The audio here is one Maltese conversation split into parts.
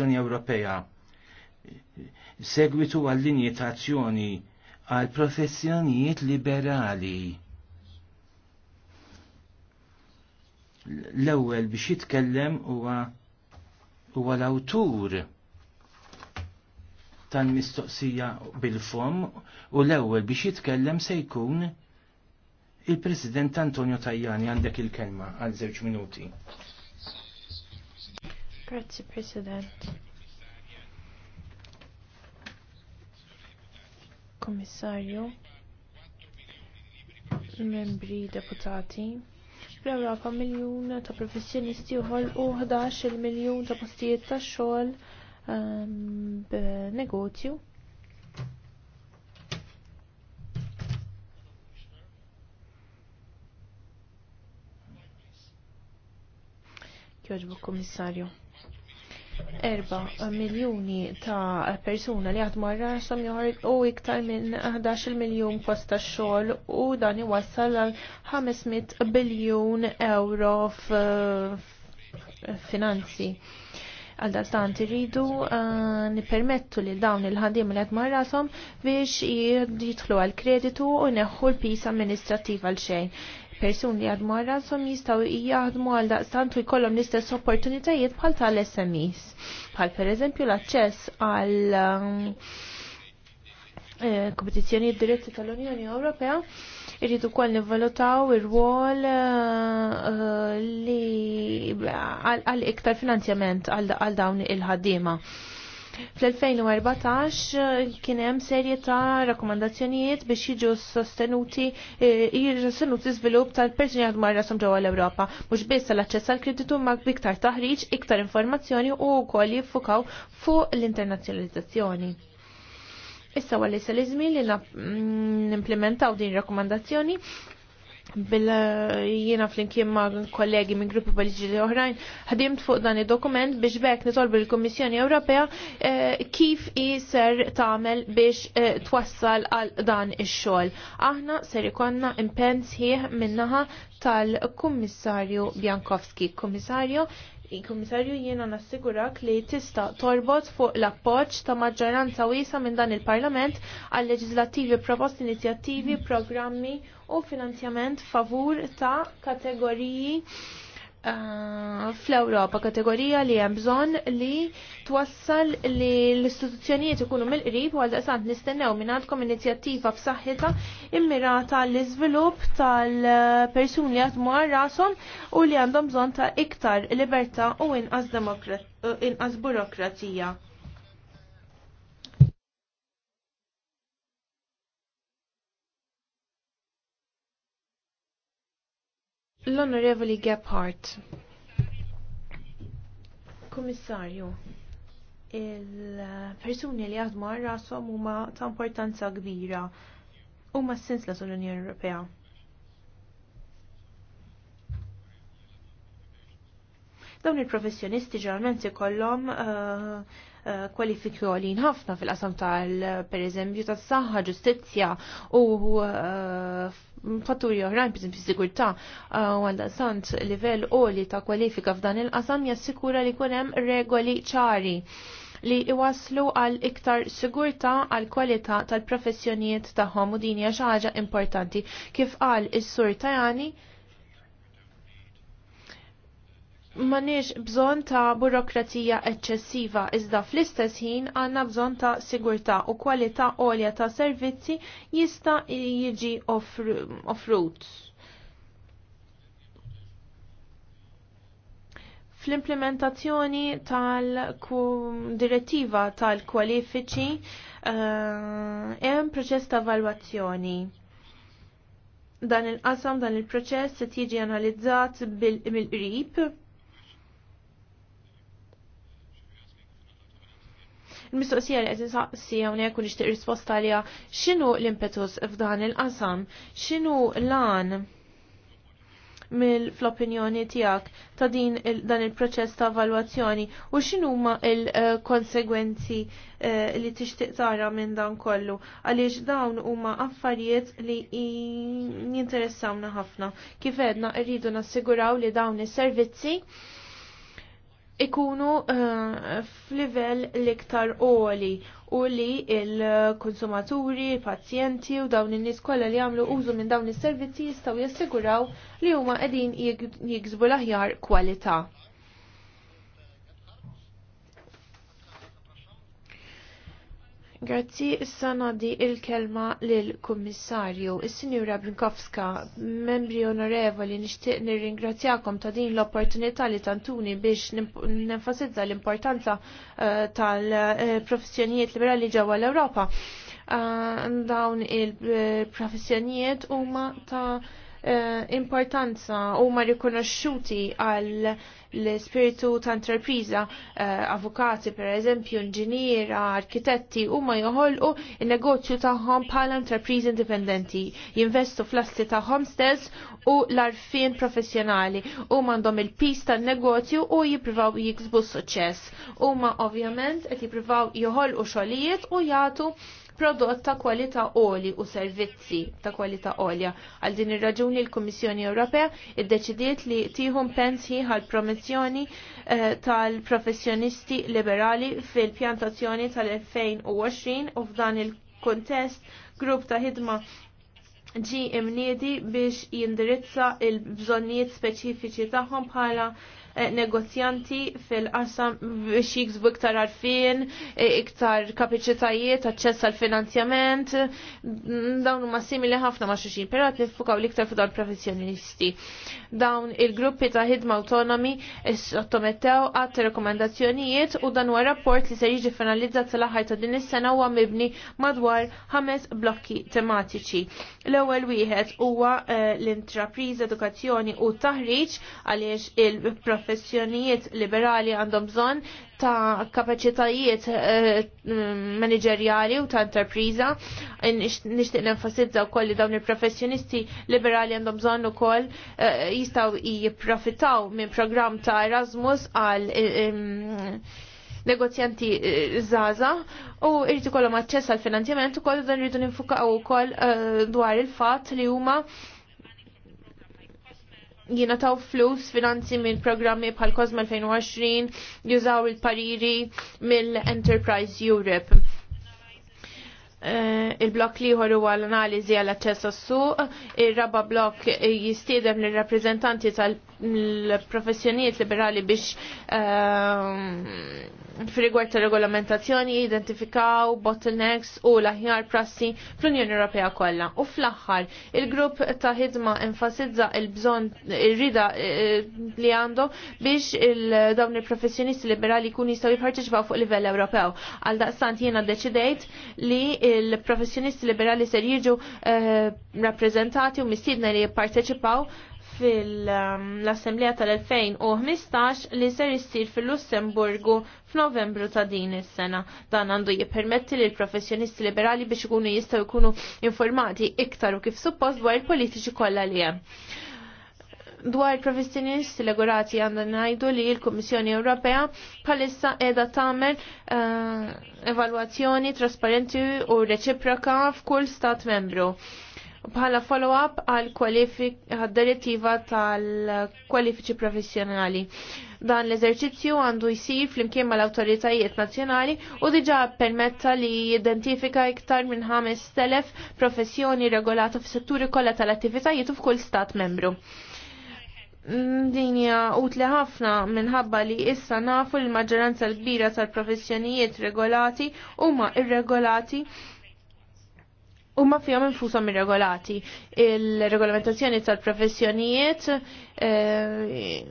tal Ewropea. Segwitu għall-linji ta' azzjoni għal professjonijiet liberali. L-ewwel biex jitkellem huwa huwa l-awtur tal-mistoqsija bil-fom u l-ewwel biex jitkellem se jkun il-President Antonio Tajani għandek il-kelma għal żewġ minuti. Grazie President. Kommissarju, membri deputati, fl-Ewropa miljun ta' professjonisti uħol u 11 miljun ta' postijiet ta' xogħol ehm, b'negozju. Jogħġbu Kommissarju erba miljuni ta' persuna li għadmu għarrasom joħorġ u iktar minn 11 miljon posta xogħol u dan iwassal għal 500 biljun euro finanzi. Għal dastant irridu eh, nipermettu li dawn il-ħadim li għadmu għarrasom biex jitħlu għal kreditu u neħħu l pisa amministrativa għal xejn persuni għadmu għal ransom jistaw jgħadmu għal daqstantu jkollhom l-istess opportunitajiet bħal tal-SMEs. Bħal per eżempju l-aċċess għal um, eh, kompetizzjoni diretti tal-Unjoni Ewropea irridu kol nivvalutaw ir-rwol eh, li għal iktar finanzjament għal dawn il-ħaddiema. Fl-2014 eh, kien hemm serje ta' rakkomandazzjonijiet biex jiġu sostenuti eh, sostenuti żvilupp tal-persuni dwar rasom ġewwa l-Ewropa, mhux biss tal-aċċess għall kreditu ma' iktar taħriġ, iktar informazzjoni u wkoll jiffukaw fuq l-internazzjonalizzazzjoni. Issa għalli sal-izmin li mm, nimplementaw din rakkomandazzjoni jiena fl ma' kollegi minn gruppi politiċi oħrajn ħadimt fuq dan id-dokument biex bekk nitolbu l-Kummissjoni Ewropea eh, kif i ser tagħmel biex eh, twassal għal dan ix-xogħol. Aħna ser ikonna impenn sħiħ minnaħa tal-Kummissarju Bjankowski. Kummissarju, il-Kummissarju jiena nassigurak li tista' torbot fuq l-appoġġ ta' maġġoranza wiesa minn dan il-Parlament għal leġislattivi proposti inizjattivi, programmi u finanzjament favur ta' kategoriji Ah, fl-Ewropa kategorija li hemm bżonn li twassal li l-istituzzjonijiet ikunu mill-qrib u għaldaqsant nistennew minn għandkom inizjattiva b'saħħitha immirata l iżvilupp tal-persuni li għadmu rashom u li għandhom bżonn ta' iktar libertà u inqas burokrazija. L-Onorevoli Gephardt. Komissarju, il-persuni li għadmu għal somu huma ta' importanza kbira huma s-sens l-Unjoni Ewropea. Dawn il-professjonisti ġarment ikollhom uh, uh, kwalifiki għolin ħafna fil-qasam tal per eżempju tas saħħa ġustizzja u uh, fatturi oħrajn, per eżempju sigurtà u għandha sant livell għoli ta' kwalifika f'dan il-qasam jassikura li jkun hemm regoli ċari li iwaslu għal iktar sigurta għal kwalità tal-professjonijiet tagħhom u din hija xi ħaġa importanti kif qal is-sur Tajani maniex bżon ta' burokrazija eċċessiva, iżda fl-istess ħin għanna bżon ta' sigurtà u kwalità għolja ta' servizzi jista' jiġi offrut. Fl-implementazzjoni tal-direttiva tal-kwalifiċi eh, hemm uh, proċess ta' valwazzjoni dan il-qasam dan il-proċess se tiġi analizzat bil qrib Il-mistoqsija li qed insaqsi hawnhekk u nixtieq risposta għaliha x'inhu l-impetus f'dan il-qasam? X'inhu lan mill-opinjoni tiegħek ta' din il dan il-proċess ta' evalwazzjoni u x'inhuma il-konsegwenzi eh, li tixtieq tara minn dan kollu għaliex dawn huma affarijiet li jinteressawna ħafna. Kif edna rridu nassiguraw li dawn is-servizzi ikunu eh, f'livell l-iktar oli u li il-konsumaturi, il-pazjenti u dawn in-nies kollha li jagħmlu użu minn dawn is-servizzi jistgħu jassiguraw li huma qegħdin jiksbu l-aħjar kwalità. Grazzi, issa di il-kelma lill-Kummissarju, is-Sinjura Brinkowska, membri onorevoli, nixtieq nirringrazzjakom ta' din l-opportunità li tantuni biex nenfasizza l-importanza eh, tal-professjonijiet liberali ġewwa l-Ewropa. Eh, dawn il-professjonijiet eh, huma ta' Eh, importanza u ma rikonosciuti għal l-spiritu ta' intrapriza eh, avukati per eżempju, inġiniera, arkitetti u ma joħolqu il-negozju tagħhom bħala intrapriza indipendenti, jinvestu fl-assi tagħhom stess u l-arfin professjonali u mandom il pista tan-negozju u jiprivaw jiksbu suċċess. U ma ovvjament qed jiprivaw joħolqu xogħlijiet u jagħtu prodott ta' kwalità oli u servizzi ta' kwalità olja. Għal din ir-raġuni l-Kummissjoni Ewropea iddeċidiet li tieħu pensi għal promozjoni eh, tal-professjonisti liberali fil-pjantazzjoni tal-2020 u f'dan il-kontest grupp ta' ħidma ġi imniedi biex jindirizza il-bżonniet speċifiċi tagħhom bħala Eh, negozjanti fil-qasam biex jiksbu iktar arfin, eh, iktar kapaċitajiet, aċċess għal finanzjament, mm, dawn huma simili ħafna ma' xuxin, però għat nifukaw l-iktar fuq professjonisti. Dawn il-gruppi ta' ħidma autonomi eh, sottomettew għat rekomendazzjonijiet u dan huwa rapport li se jiġi finalizzat sal laħħaj ta' din is-sena huwa mibni madwar ħames blokki tematiċi. L-ewwel wieħed huwa l-intrapriż edukazzjoni u taħriġ għaliex il-professjonisti professjonijiet liberali għandhom bżonn ta' kapaċitajiet eh, mm, manageriali u ta' interpriza. Nishtiq nenfasizza wkoll li dawn il-professjonisti liberali għandhom bżonn ukoll eh, jistgħu jipprofitaw minn programm ta' Erasmus għal eh, mm, negozjanti zaza u irritu ikollhom aċċess għal finanzjament ukoll dan irridu u ukoll dwar il-fatt li huma jina taw flus finanzi minn programmi bħal Kozma 2020 jużaw il-pariri mill-Enterprise Europe. Uh, il-blok liħor huwa l-analiżi għall aċċess għas-suq, ir-raba blok jistiedem lir rappreżentanti tal l-professjonijiet liberali biex ehm, f'rigward ta' regolamentazzjoni identifikaw bottlenecks u l-aħjar prassi fl-Unjoni Ewropea kollha. U fl-aħħar, il-grupp ta' ħidma enfasizza il-bżonn ir-rida eh, li għandu biex dawn il-professjonisti liberali jkunu jistgħu jipparteċipaw fuq livell Ewropew. Għal daqstant jiena deċidejt li il-professjonisti liberali ser jiġu eh, rappreżentati u mistiedna li jipparteċipaw fil-Assemblea tal-2015 li ser issir fil-Lussemburgu f'Novembru ta' din is-sena. Dan għandu jippermetti li l-professjonisti liberali biex ikunu jistgħu jkunu informati iktar u kif suppost dwar il-politiċi kollha li hemm. Dwar professjonisti legurati għandna ngħidu li l-Kummissjoni Ewropea bħalissa qiegħda tagħmel uh, evalwazzjoni trasparenti u reċiproka f'kull stat membru bħala follow-up għal direttiva tal-kwalifiċi professjonali. Dan l-eżerċizzju għandu jisir flimkien mal awtoritajiet nazzjonali u diġa permetta li jidentifika iktar minn 5,000 professjoni regolata fis-setturi kollha tal-attivitajiet u f'kull stat membru mm, dinja utli ħafna minħabba li issa nafu l-maġġoranza l-kbira tal-professjonijiet regolati huma irregolati u ma fihom infushom regolati. Il-regolamentazzjoni tal-professjonijiet eh,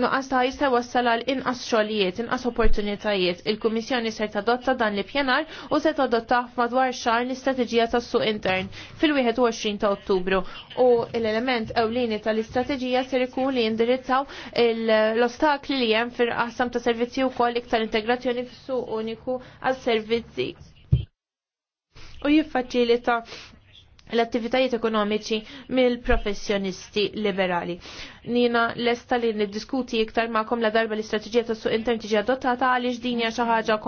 Nuqqas ta' jista' wassal għal inqas xogħlijiet, inqas opportunitajiet. Il-Kummissjoni ser tadotta dan li pjanar u se tadotta madwar xahar l-istrateġija tas-suq intern fil-21 ta' Ottubru. U l-element ewlieni tal-istrateġija ser ikun li jindirizzaw l-ostakli li hemm fir qasam ta' servizzi wkoll iktar integrazzjoni fis-suq uniku għal servizzi u jiffaċilita l-attivitajiet ekonomiċi mill-professjonisti liberali. Nina lesta li niddiskuti iktar ma'kom la darba l-istrateġija ta' suq intern tiġi adottata għaliex din hija xi ħaġa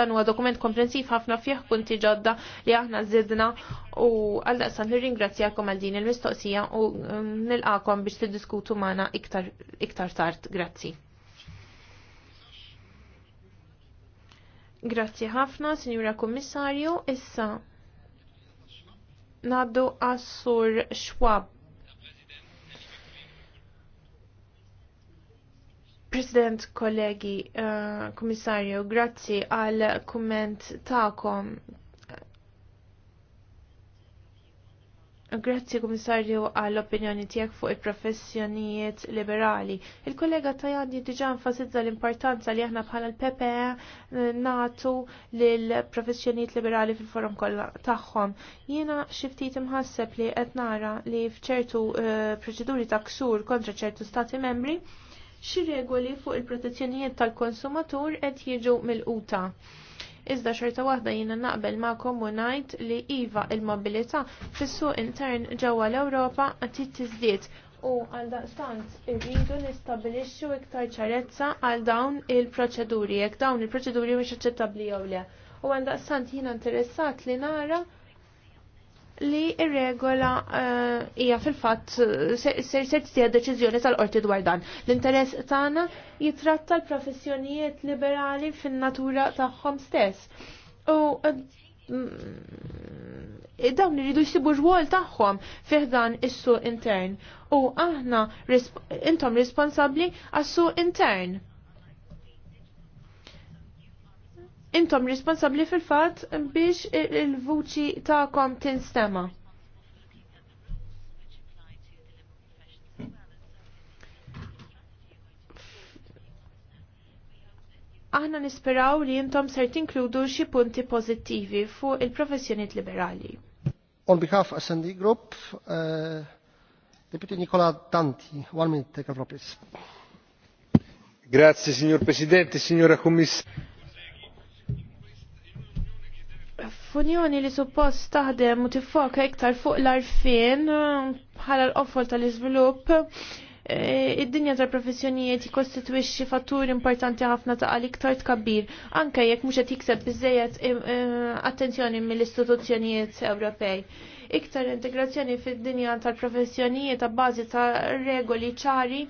dan huwa dokument komprensiv ħafna fih punti ġodda li aħna żidna u għal daqsan nirringrazzjakom għal din il-mistoqsija u um, nilqakom biex tiddiskutu magħna iktar iktar tard. Grazzi. Grazzi ħafna, Sinjura Kommissarju. Issa Naddu għassur Schwab. President, kollegi, uh, eh, komissarju, grazzi għal komment ta'kom Grazzi Komissarju għall-opinjoni tiegħek fuq il-professjonijiet liberali. Il-kollega Tajani diġà nfasizza l-importanza li aħna bħala l-PPE natu lill-professjonijiet liberali fil-forum kollha tagħhom. Jiena xi ftit imħasseb li qed nara li f'ċertu eh, proċeduri ta' ksur kontra ċertu stati membri xi regoli fuq il-protezzjonijiet tal-konsumatur qed jiġu mill-quta. Iżda xorta waħda jiena naqbel ma' komunajt li iva il-mobilità fis-suq intern ġewwa l-Ewropa qed tiżdied u għaldaqstant irridu nistabilixxu iktar ċarezza għal dawn il-proċeduri, jekk dawn il-proċeduri mhux aċċettabbli jew le. U għaldaqstant jiena interessat li nara li ir-regola eh, hija uh, fil-fatt ser se, se, deċiżjoni tal-qorti dwar dan. L-interess tagħna jitratta l-professjonijiet liberali fin-natura tagħhom stess. U eh, mm, dawn iridu jsibu rwol tagħhom fih dan is-suq intern. U aħna intom responsabbli għas-suq intern intom responsabli fil-fat biex il-vuċi ta'kom tinstema. Aħna nisperaw li jintom ser tinkludu xi punti pozittivi fuq il-professjoniet liberali. On behalf of SND Group, uh, Deputy Nicola Danti, one minute, take a Grazie, signor Presidente, signora Commissaria. F'unjoni li suppost taħdem u tiffoka iktar fuq l-arfin bħala l-offol tal-iżvilupp, e, id-dinja tal-professjonijiet jikostitwixxi fattur importanti ħafna ta' għal iktar tkabbir, anke jekk mhux qed jikseb biżejjed e, e, attenzjoni mill-istituzzjonijiet Ewropej iktar integrazzjoni fid-dinja tal-professjonijiet ta' bażi ta' regoli ċari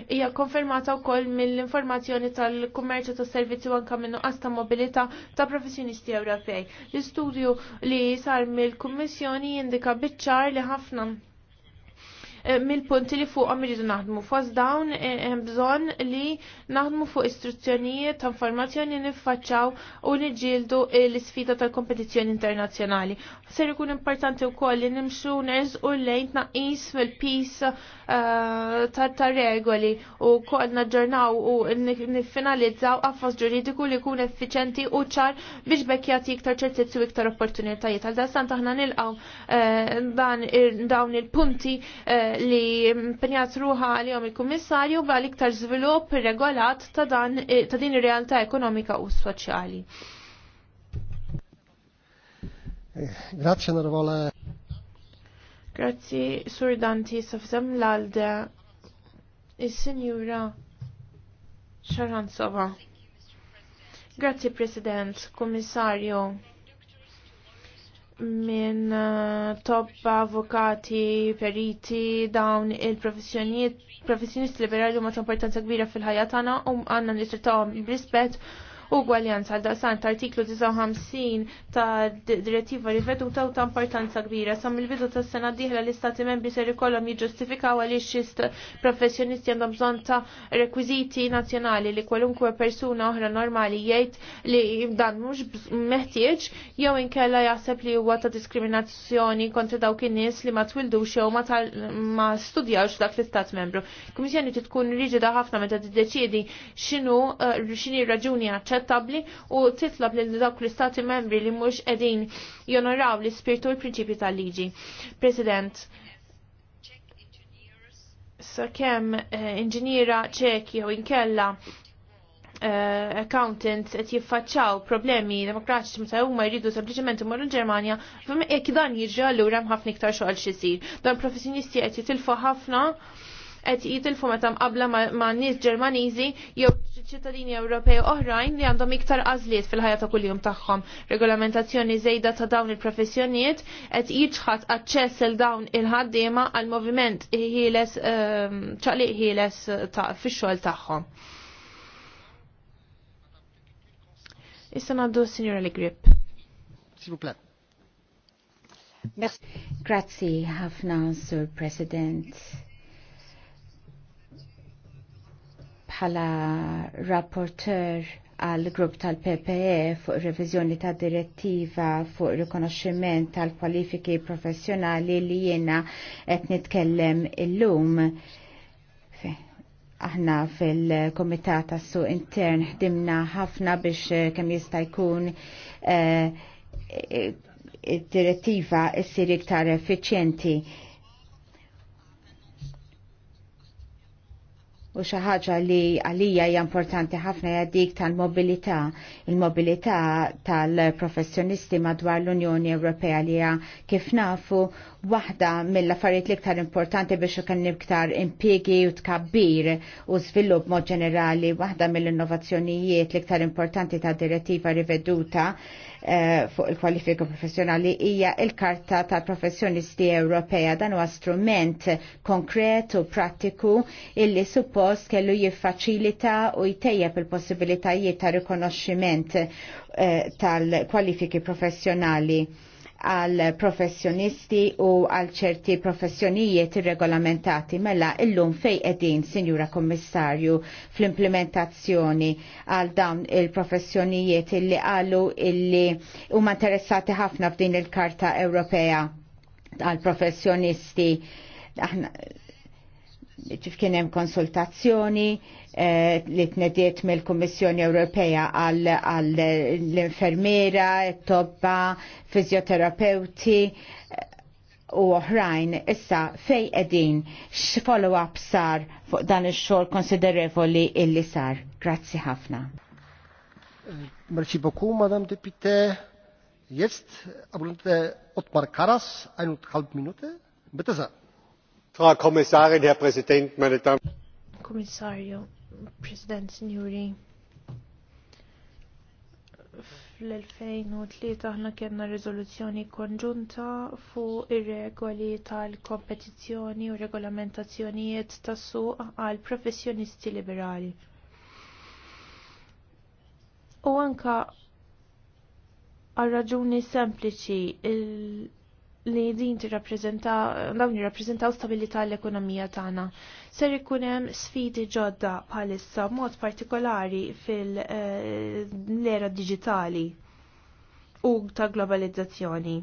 hija konfermata wkoll mill-informazzjoni tal-kummerċu tas servizzi u anke minn nuqqas ta' mobilità ta' professjonisti Ewropej. L-istudju li sar mill-Kummissjoni jindika biċ-ċar li ħafna Eh, mill-punti li fuqhom irridu naħdmu. Fost dawn eh, hemm bżonn li naħdmu fuq istruzzjonijiet ta' informazzjoni niffaċċaw u niġġieldu eh, l-isfida tal-kompetizzjoni internazzjonali. Ser ikun importanti wkoll li nimxu nerżqu lejn tnaqqis mill-pis ta' regoli u wkoll naġġornaw u niffinalizzaw qafas ġuridiku li jkun effiċenti u ċar biex bekk jagħti iktar ċertizzi u iktar opportunitajiet. Għal dan aħna nilqgħu dawn il-punti li penjat ruħa għalihom il-Kummissarju għal iktar zvilup regolat ta' dan ta' din ir-realtà ekonomika u soċjali. Grazie Narvola. Grazzi Sur Danti safsem l alde is-Sinjura Xaranzova. Grazzi President, Kummissarju minn eh, top avukati, periti, dawn il-professjonijiet, professjonisti liberali huma ta' importanza kbira fil-ħajja tagħna u um għandna nitritawhom b'rispett ugwaljanza għal ta' artiklu 59 ta' direttiva riveduta u ta' importanza kbira. Sam il-bidu ta' sena diħla l-istati membri se ikollhom jiġġustifikaw għaliex xist professjonisti għandhom bżonn ta' rekwiżiti nazzjonali li kwalunkwe persuna oħra normali jgħid li dan mhux meħtieġ jew inkella jaħseb li huwa ta' diskriminazzjoni kontra dawk in-nies li ma twildux jew ma studjawx dak l-istat membru. Kummissjoni tkun riġida ħafna meta tiddeċiedi x'inhu eh, x'inhi raġuni aċċett akċettabli u titlab lil dawk l-istati membri li mhux qegħdin jonoraw l-ispirtu u l-prinċipji tal-liġi. President, sakemm eh, inġiniera ċek jew inkella eh, accountants qed jiffaċċaw problemi demokratiċi meta huma jridu sempliċement imorru l-Ġermanja, jekk dan jiġri allura hemm ħafna iktar xogħol xi jsir. Dan professjonisti qed jitilfu ħafna qed jitilfu meta mqabla ma' nies Ġermaniżi jew ċittadini Ewropej oħrajn li għandhom iktar għażliet fil-ħajja ta' kuljum tagħhom. Regolamentazzjoni żejda ta' dawn il-professjonijiet qed jiġħad aċċess il dawn il-ħaddiema għal moviment ħieles ehm, ċaqliq ħieles ta' fix-xogħol tagħhom. Issa ngħaddu sinjura li Grip. Grazzi ħafna, Sur President. bħala rapporter għal grupp tal-PPE fuq revizjoni ta' direttiva fuq rikonoxximent tal-kwalifiki professjonali li jiena qed nitkellem illum. Aħna fil-Komitat tas-Suq Intern ħdimna ħafna biex eh, kemm jista' jkun eh, id-direttiva eh, ssir iktar effiċjenti U xi ħaġa li għalija hija importanti ħafna hija dik tal-mobilità, il-mobilità tal-professjonisti madwar l-Unjoni Ewropea li hija kif nafu waħda mill-affarijiet l-iktar importanti biex kenni iktar impiegi u tkabbir u żvilupp mod ġenerali waħda mill-innovazzjonijiet l-iktar importanti ta' direttiva riveduta eh, fuq il-kwalifika professjonali hija il-Karta tal-Professjonisti Ewropea dan huwa strument konkret u prattiku illi suppost kellu jiffaċilita u jtejjeb il-possibilitajiet ta' rikonoxximent eh, tal-kwalifiki professjonali għal professjonisti u għal ċerti professjonijiet irregolamentati mela illum fej edin, Sinjura Kommissarju, fl-implementazzjoni għal dawn il-professjonijiet illi għallu illi huma interessati ħafna f'din il-Karta Ewropea għal professjonisti ġif kien hemm konsultazzjoni eh, li tnediet mill-Kummissjoni Ewropea għall l-infermiera, t-tobba, fizjoterapeuti eh, u oħrajn issa fej edin x-follow-up sar fuq dan ix-xogħol konsiderevoli illi sar. Grazzi ħafna. Merċi boku, Madam Depite. Jest, abunte Otmar Karas, 1,5 minute. Bitte Frau Kommissarin, Herr Präsident, meine Damen und Herren. Kommissarju, President, Signori. Fl-2003 aħna kellna riżoluzzjoni konġunta fuq ir-regoli tal-kompetizzjoni u regolamentazzjonijiet tas-suq għal professjonisti liberali. U anka għal raġuni sempliċi il- li din tirrapprezenta dawn jirrappreżentaw stabilità l-ekonomija tagħna. Ser ikun hemm sfidi ġodda bħalissa mod partikolari fil-era eh, diġitali u ta' globalizzazzjoni.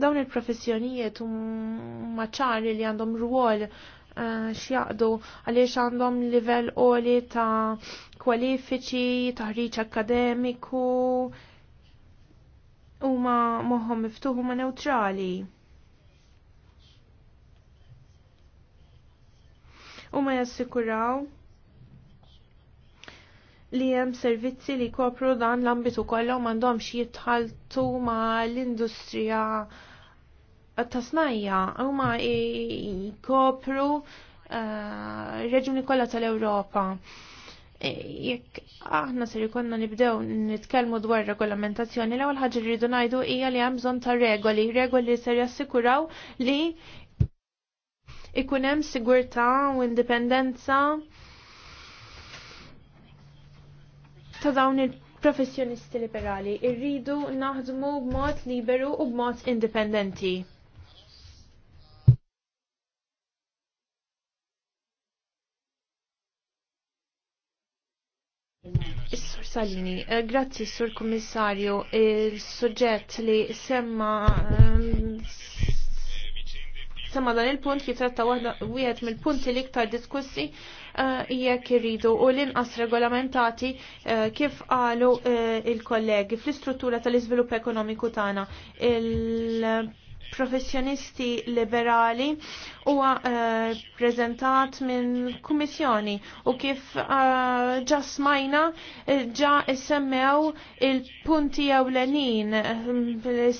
Dawn il-professjonijiet huma ċari li għandhom ruol Eh, xjaqdu għaliex għandhom livell qoli ta' kwalifiċi, taħriġ akademiku, huma moħħom miftuħ huma neutrali. Huma jassikuraw li hemm servizzi li kopru dan l-ambitu kollha m'għandhomx jitħaltu ma l-industrija tasnajja huma jkopru eh, reġuni kollha tal-Ewropa. E, jekk aħna ser ikonna nibdew nitkellmu dwar regolamentazzjoni l-ewwel ħaġa li rridu ngħidu hija li hemm bżonn ta' regoli, regoli li ser jassikuraw li ikun hemm sigurtà u indipendenza ta' dawn il-professjonisti liberali irridu naħdmu b'mod liberu u b'mod indipendenti. sur Salini, eh, grazzi Sur Kommissarju, il-suġġett li semma ehm, semma dan il-punt jitratta wieħed mill-punti l-iktar diskussi eh, jekk irridu u l-inqas regolamentati eh, kif qalu il-kollegi fl-istruttura tal-iżvilupp ekonomiku tagħna professjonisti liberali huwa uh, prezentat minn kummissjoni u kif uh, ġa smajna eh, ġa semmew il-punti ewlenin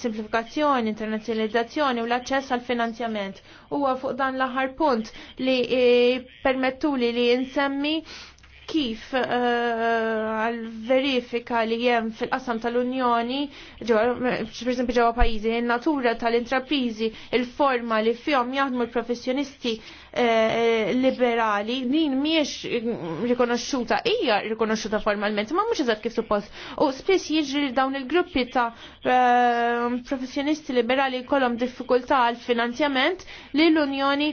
simplifikazzjoni, internazzjonalizzazzjoni u l-aċċess għal finanzjament. Huwa fuq dan l-aħħar punt li permettuli li insemmi kif eh, għal verifika li jem fil-qasam tal-Unjoni, per ġewa ġewwa pajjiżi, natura tal-intrapriżi, il-forma li fihom jaħdmu l-professjonisti eh, liberali, din miex rikonoxxuta, hija rikonoxxuta formalment, ma mhux eżatt kif suppost. U spiss jiġri dawn il-gruppi ta' eh, professjonisti liberali jkollhom diffikultà għal finanzjament li l-Unjoni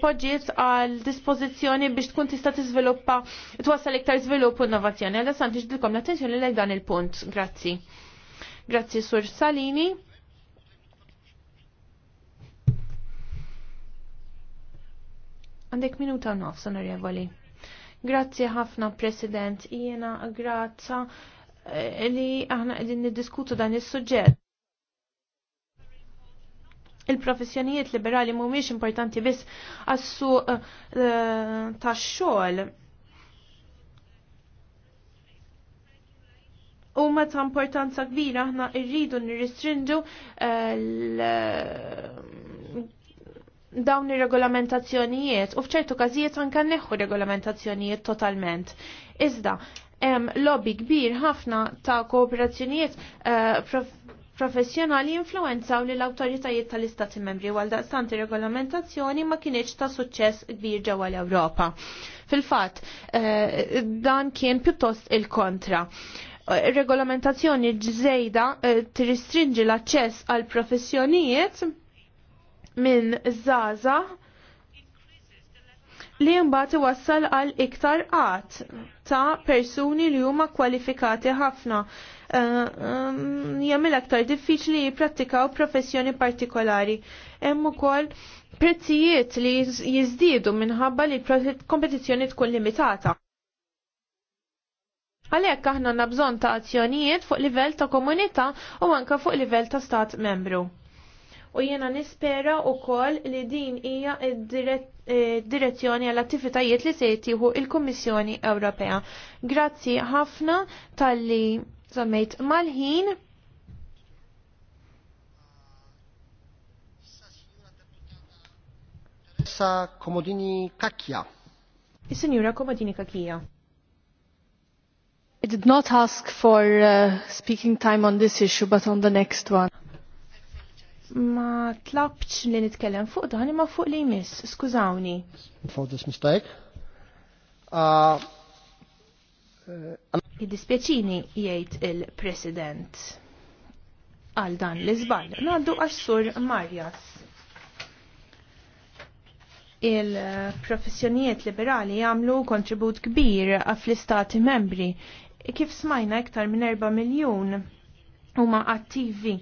poġġiet għal dispożizzjoni biex tkun tista' tiżviluppa twassal iktar żvilupp u innovazzjoni. Għal sant iġdilkom l-attenzjoni lejn dan il-punt. Grazzi. Grazzi Sur Salini. Għandek minuta nofs, onorevoli. Grazzi ħafna, President. Jiena grazza eh, li aħna qegħdin niddiskutu dan is-suġġett il-professjonijiet liberali mhumiex importanti biss għassu uh, eh, tax-xogħol huma ta' importanza kbira aħna rridu nirristrinġu eh, dawn ir-regolamentazzjonijiet u f'ċertu każijiet anke neħu regolamentazzjonijiet totalment. Iżda, hemm lobby kbir ħafna ta' kooperazzjonijiet eh, professjonali influenzaw li l-autoritajiet tal-istati membri għal daqstanti regolamentazzjoni ma kienieċ ta' suċċess kbir ġewwa l-Ewropa. Fil-fatt, eh, dan kien pjuttost il-kontra regolamentazzjoni ġżejda eh, tristringi l-aċċess għal professjonijiet minn zaza li mbagħad iwassal għal iktar qatt ta' persuni li huma kwalifikati ħafna. Eh, ehm, Jagħmel aktar diffiċli jipprattikaw professjoni partikolari. Hemm ukoll prezzijiet li jiżdiedu minħabba li kompetizjoni kompetizzjoni tkun limitata. Għalhekk aħna għandna bżonn ta' azzjonijiet fuq livell ta' komunità u anke fuq livell ta' stat membru. U jiena nispera wkoll li din hija eh, direzzjoni għall attivitajiet li se jtieħu il-Kummissjoni Ewropea. Grazzi ħafna talli li mal-ħin. Sa Komodini Kakja. Is-Sinjura Komodini Kakija. I did not ask for uh, speaking time on this issue, but on the next one. Ma tlabx li nitkellem fuq dan imma fuq li jmiss, skużawni. For this mistake. Uh, uh, jgħid il-President għal dan l-iżbal. Naddu għax-sur Marjas. Il-professjonijiet liberali jagħmlu kontribut kbir fl-istati membri kif smajna iktar minn 4 miljun huma attivi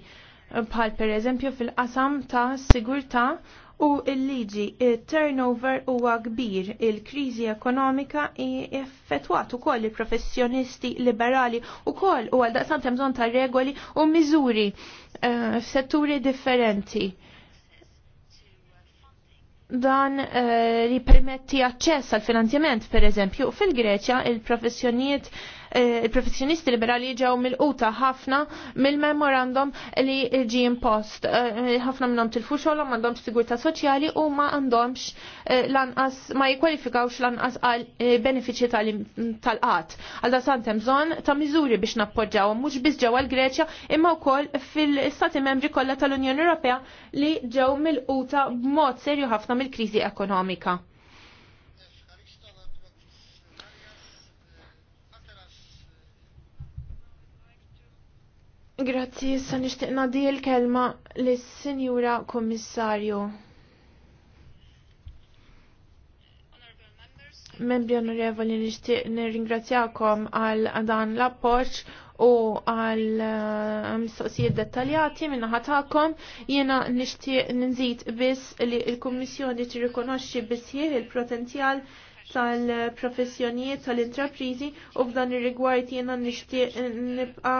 bħal per eżempju fil-qasam ta' sigurtà u l liġi turnover huwa kbir il-kriżi ekonomika effettwat ukoll il-professjonisti liberali koll u għal daqsant hemm bżonn ta' regoli u miżuri uh, f'setturi differenti dan uh, eh, li permetti aċċess għal finanzjament, per eżempju, fil-Greċja il-professjonijiet Eh, il-professjonisti liberali ġew mill-quta ħafna mill-memorandum li ġi impost. Eh, ħafna minnhom tilfu xogħolhom m'għandhomx sigurtà soċjali u ma għandhomx eh, lanqas ma jikkwalifikawx lanqas għal benefiċċji tal-qatt. Għal dasant hemm bżonn ta' miżuri biex nappoġġaw mhux biss ġew għall greċja imma wkoll fil-Stati membri kollha tal-Unjoni Ewropea li ġew mill-quta b'mod serju ħafna mill-kriżi ekonomika. Grazzi, issa nixtieq di l-kelma lis-Sinjura Kommissarju. membri onorevoli nishtiq nirringrazzjakom għal dan l-appoċ u għal eh, mistoqsijiet dettaljati minna ħatakom jena nishtiq ninżid biss li il-Kommissjoni tirrikonoxxi bisħieħ il-potenzjal tal-professjonijiet tal-intraprizi u f'dan ir-rigward jena nishtiq nibqa'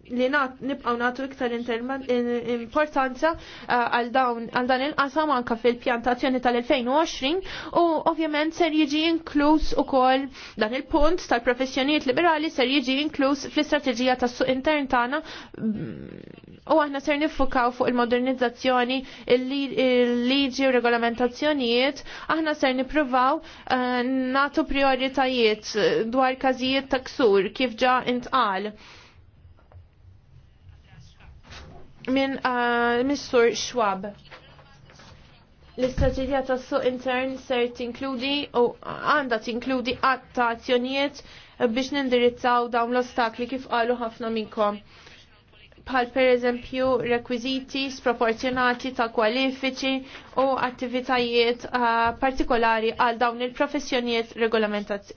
li nibqaw natu iktar importanza eh, għal dan il-qasam anka fil-pjantazzjoni tal-2020 u ovvjament ser jiġi inkluż ukoll dan il-punt tal-professjonijiet liberali ser jiġi inkluż fl-istrateġija tas-suq intern tagħna u aħna ser nifukaw fuq il-modernizzazzjoni il-liġi u regolamentazzjonijiet aħna ser nippruvaw eh, natu prioritajiet dwar każijiet ta' ksur kif ġa intqal minn uh, ah, Missur Schwab. L-istrategija tas suq intern ser tinkludi u għanda tinkludi għatta azzjonijiet biex nindirizzaw dawn l-ostakli kif qalu ħafna minnkom bħal per eżempju rekwiziti sproporzjonati ta' kwalifiċi u attivitajiet uh, partikolari għal dawn il-professjonijiet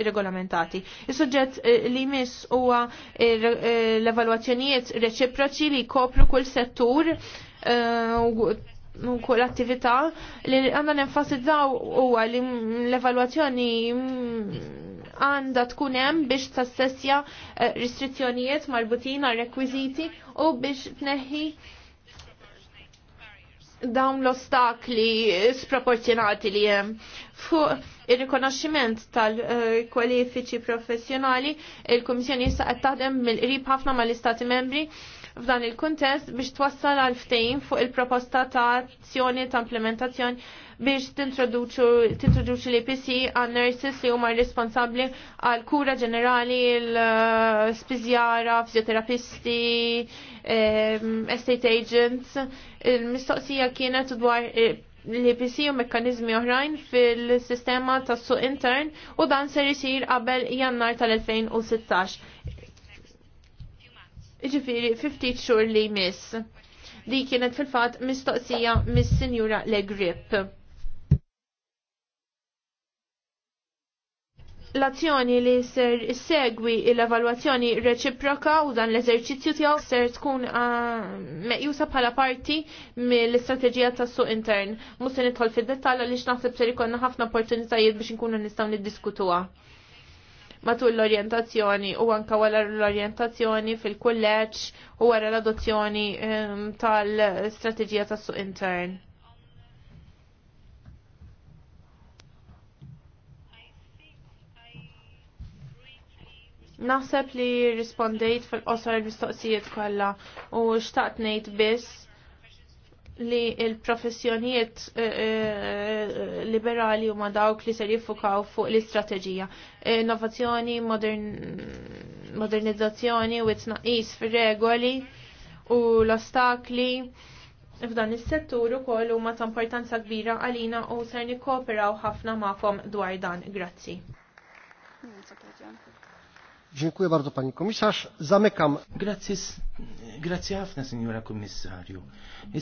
regolamentati. Is-suġġett uh, li mis huwa uh, uh, l-evalwazzjonijiet reċiproċi li kopru kull settur u kull attività li għandan nenfasizzaw huwa l-evalwazzjoni mm, għandha tkun hemm biex tassessja eh, restrizzjonijiet marbutin għal rekwiżiti u biex tneħħi dawn l-ostakli sproporzjonati li hemm fuq ir-rikonoxximent tal-kwalifiċi professjonali, il-Kummissjoni issa qed taħdem mill-qrib ħafna mal-Istati Membri f'dan il-kuntest biex twassal għal ftejn fuq il-proposta ta' azzjoni ta' implementazzjoni biex t-introduċi l apc għal nurses li huma responsabbli għal kura ġenerali l-spizjara, eh, fizjoterapisti, ehm, estate agents. Il-mistoqsija kienet dwar eh, l apc u mekkanizmi oħrajn fil-sistema tas suq intern u dan ser isir qabel jannar tal-2016. Iġifiri, 50 xhur li miss. Li kienet fil-fat mistoqsija mis-Sinjura Le Grip. l-azzjoni li ser segwi l-evalwazzjoni reċiproka u dan l-eżerċizzju tiegħu ser tkun ah, meqjusa bħala parti mill-istrateġija tas-suq intern. Mhux se nidħol fid-dettall għaliex naħseb ser ikollna ħafna opportunitajiet biex inkunu nistgħu niddiskutuha matul l-orientazzjoni u anka wara l-orientazzjoni fil-kulleġġ u wara l-adozzjoni ehm, tal-strateġija tas-suq intern. Naħseb li rispondejt fil-qosor mistoqsijiet kollha u xtaqt ngħid biss li il-professjonijiet eh, eh, liberali huma dawk li ser jiffukaw fuq l-istrateġija. Eh, innovazzjoni, modernizzazzjoni u tnaqis fir-regoli u l-ostakli f'dan is-settur ukoll huma ta' importanza kbira għalina u ser nikkooperaw ħafna magħkom dwar dan. Grazzi. Dziękuję bardzo Pani Komisarz. Zamykam. Grazie, grazie ħafna, Signora Komisarju.